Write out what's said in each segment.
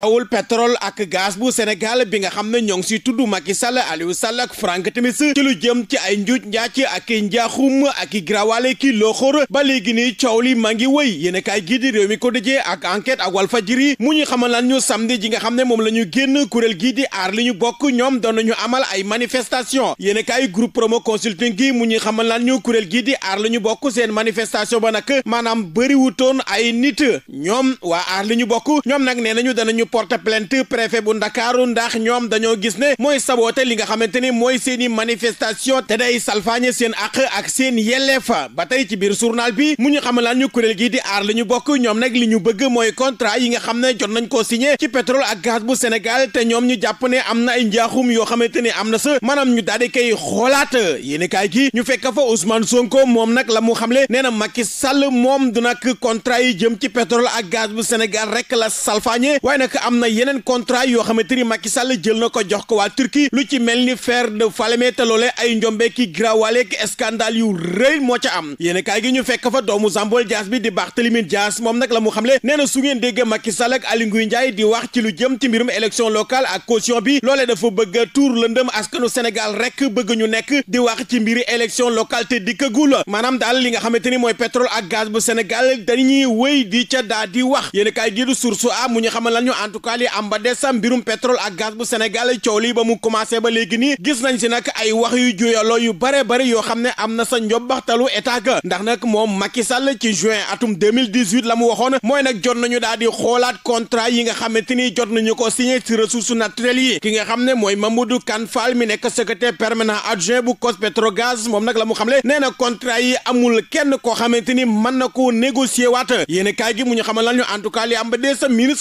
awul pétrole ak gaz bu Sénégal bi nga xam ne ñoo ngi si tudd Macky Sall Aliou Sall ak Frank Timis ci lu jëm ci ay njuuj njaac ak i njaaxum ak i grawale ki looxóor ba léegi ni coow li maa ngi wëy yéen kaay gii di réew mi ko dëjee ak enquête ak Walfadjri mu ñu xamal lan ñu samedi ji nga xam ne moom la ñu génn kuréel gii di aar li ñu bokk ñoom doon ñu amal ay manifestation yéen kaay groupe promo consulting gi mu ñu xamal lan ñu kuréel gii di aar li ñu bokk seen manifestation ba nag maanaam bëriwutoon ay nit ñoom waa aar ñu bokk ñoom nag nee nañu danañu porte plainte préfet bu ndakaaru ndax ñoom dañoo gis ne mooy saboote li nga xamante ni mooy seeni i manifestation te day salfaañe seen àq ak seen yelleef ba tey ci biir journal bi mu ñu xamalaan ñu kuréel gii di aar la ñu bokk ñoom nag li ñu bëgg mooy contrat yi nga xam ne jot nañ koo signé ci pétrole ak gaz bu Sénégal te ñoom ñu jàpp ne am na ay njaaxum yoo xamante ni am na sa maanaam ñu daal di koy xoolaat yéen kaay ñu fekk fa Ousmane Sonko moom nag la mu xamle nee na Macky Sall moom du contrat yi jëm ci pétrole ak gaz bu Sénégal rek la salfaañe am na yeneen contrat yoo xamante ni Macky Sall jël na ko jox ko waa Turquie lu ci mel ni fer de Falémé te loolee ay njombe ki grawale ki scandale yu rëy moo ca am yéen kaay gi ñu fekk fa doomu Zambol Dias bi di baax Barthélémy Dias moom nag la mu xamle nee na su ngeen déggee Macky Sall ak Aly Ngouille Ndiaye di wax ci lu jëm ci mbirum élection locale ak caution bi loolee dafa bëgg a tuur lëndëm askanu Sénégal rek bëgg ñu nekk di wax ci mbiri élection locale te dikkagul maanaam daal li nga xamante ni mooy pétrole ak gaz bu Sénégal dañuy wéy di ca daa di wax yéen kaay gi du source a mu en tout li am ba des sa mbirum pétrole ak gaz bu Sénégal coow li ba mu commencé ba léegi nii gis nañ si nag ay wax yu juyaloo yu bare bari yoo xam ne am na sa njobbaxtalu état ga ndax nag moom Macky Sall ci juin atum 2018 la mu waxoon mooy nag jot nañu daal di xoolaat contrat yi nga xamante ni jot nañu ko signé ci ressources naturelles yi ki nga xam ne mooy Mamadou Kane Fall mi nekk secrétaire bu COS-Petrogaz moom nag la mu xamle nee na contrat yi amul kenn koo xamante ni mën na koo négocier waat yéen a kaay gi mu ñu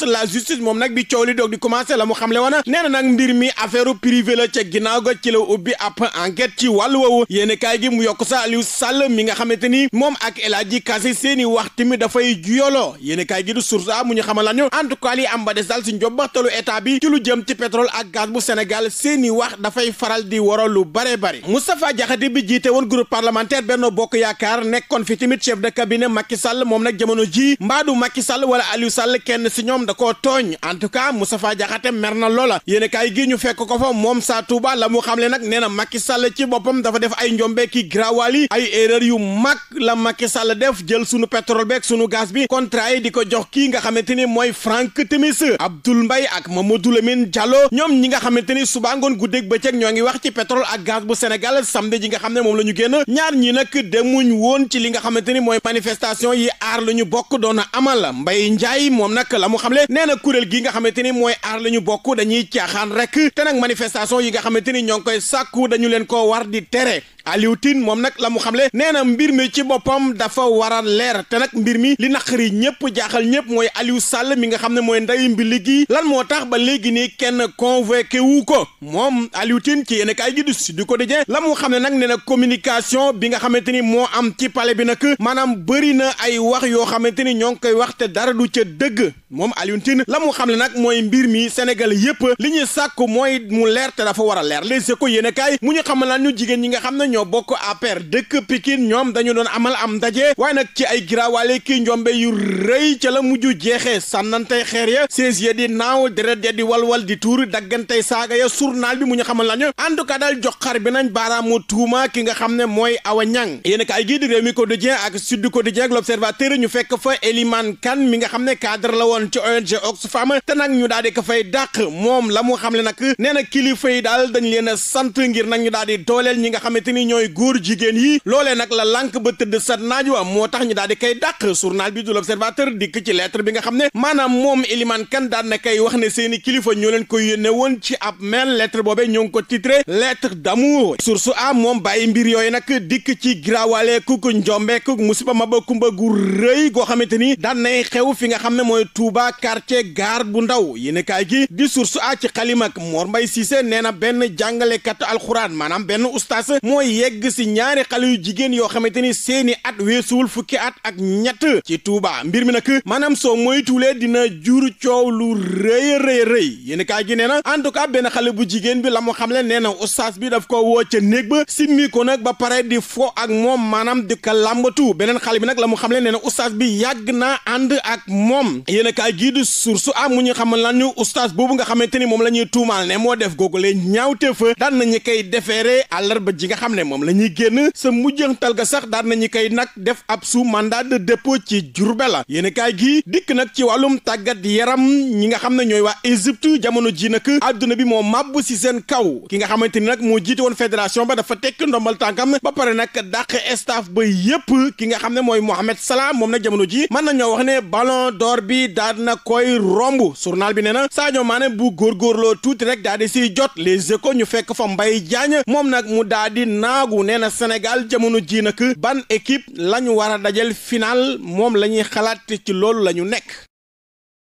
la ñu moom nag bi coow li doog di commencé la mu xamle woon nee na nag mbir mi affaire privé la ca ginnaaw ga ci la ubbi ab enquête ci wàllu woowu yéen kaay gi mu yokk sa Aliou Sall mi nga xamante ni moom ak El Hadji Kassé seeni wax tamit dafay juyoloo yéen kaay gi du source mu ñu xamal lañu en tout cas li am ba des daal si njobbaxtalu état bi jëm ci pétrole ak gaz bu Sénégal seeni wax dafay faral di waro lu bare bare Moustapha Diakhaté bi jiite woon groupe parlementaire benn Bokk Yaakaar nekkoon fi tamit chef de cabinet Macky Sall moom nag jamono ji mbaadu Macky Sall wala Aliou Sall kenn si ñoom da koo tooñ en tout cas Moustapha Diakhaté mer na loola yéen kaay gi ñu fekk ko fa moom saa Touba la mu xamle nag nee na Macky Sall ci boppam dafa ay njombe ki grawali yu mag la Macky Sall def jël sunu pétrole sunu gaz bi contrat yi di ko jox kii nga xamante ni mooy Franck Timis Abdoul Mbaye ak Mamadou Lamine Diallo ñoom ñi nga xamante ni suba ngoon guddeeg bëccëg ñoo ngi wax ci pétrole ak gaz bu Sénégal samedi ji nga xam ne moom la ñu génn ñaar ñi nag demuñ woon ci li nga xamante ni mooy manifestation yi aar la ñu bokk doon amal Mbaye Ndiaye moom nag la mu xamle nee na kuréel gi yi nga xamante ni mooy aar la ñu bokk dañuy caaxaan rek te nag manifestation yi nga xamante ni ñoo ngi koy sàkku dañu leen koo war di tere Aliou Tine moom nag la mu xamle nee na mbir mi ci boppam dafa war a leer te nag mbir mi li naqari ñëpp jaaxal ñëpp mooy Aliou Sall mi nga xam ne mooy nday mbili gi lan moo tax ba léegi nii kenn convoqué wu ko moom Aliou Tine ci yéen kaay gi du Sud Quotidien la mu xam ne nag nee na communication bi nga xamante ni moo am ci pale bi nag maanaam bëri na ay wax yoo xamante ni ñoo ngi koy wax te dara du ca dëgg moom Aliou Tine la mu xam ne nag mooy mbir mi Sénégal yëpp li ñuy sàkk mooy mu leer te war a leer les échos yéen kaay mu jigéen ñi nga xam ne ñoo bokk APR dëkk Pikine ñoom dañu doon amal am ndaje waaye nag ci ay giraawaale kii njombe yu rëy ca la mujj jeexee sànnantey xeer ya sees ya di naaw deret ya di walwal di tuur daggantey saaga ya journal bi mu ñu xamal lañu en tout cas daal jox xar bi nañ baaraamu tuuma ki nga xam ne mooy Awa Niang yéen kay gii di Rewmi Quotidien ak Sud Quotidien ak L'Observateur ñu fekk fa Eliman Kane mi nga xam ne cadre la woon ci ONG Oxfam te nag ñu daal di ko fay dàq moom la mu xam le nag nee kilifa yi daal dañ a sant ngir nag ñu daal ñooy góor jigéen yi loolee nag la lank ba tëdd sat naaj wa moo tax ñu daal di koy dàq journal bi du l'observateur dikk ci lettre bi nga xam ne maanaam moom Eliman Kane daan na koy wax ne seeni kilifa ñoo leen ko yónnee woon ci ab mail lettre boobee ñoo ngi ko titré lettre d'amour source a moom bàyyi mbir yooyu nag dikk ci giraawaalee kuk njombe kuk musiba ba kumba gu rëy goo xamante ni daan nay xew fi nga xam ne mooy Touba quartier gare bu ndaw yéen kaay gi di source a ci xalim ak Mor Mbaye Cissé nee na benn jàngalekat alxuraan maanaam benn ustaas yegg si ñaari xale yu jigéen yoo xamante ni seeni at weesuwul fukki at ak ñett ci Touba mbir mi nag maanaam soo moytuwulee dina jur coow lu rëy rëy rëy yéen kaay gi nee na en tout cas benn xale bu jigéen bi la mu le nee na oustaz bi daf ko woo ca néeg ba simmi ko nag ba pare di fo ak moom maanaam di ko làmbatu beneen xale bi nag la mu xamle nee na bi yàgg naa ànd ak moom yéen kaay gii di source am mu ñu xamal lan ñu oustaz boobu nga xamante ni moom la ñuy tuumaal moo def googu lee ñaawte fa daan ne moom la ñuy génn sa mujjantal ga sax daan nañu koy nag def ab sous mandat de dépôt ci la yéen kaay gi dikk nag ci wàllum tàggat yaram ñi nga xam ne ñooy waa Égypte jamono ji nag àdduna bi moom màbb si seen kaw ki nga xamante ni nag moo jiite woon fédération ba dafa tekk ndombal tànkam ba pare nag dàq staff ba yépp ki nga xam ne mooy Mohamed Salah moom nag jamono ji mën nañoo wax ne ballon door bi daan na koy romb journal bi nee na Sadio Mané bu góorgóorloo tuuti rek daal di jot les échos ñu fekk fa Mbaye Diagne naagu nee na Sénégal jamono ji nag ban équipe la ñu war a dajal final moom la ñuy xalaat ci loolu la ñu nekk.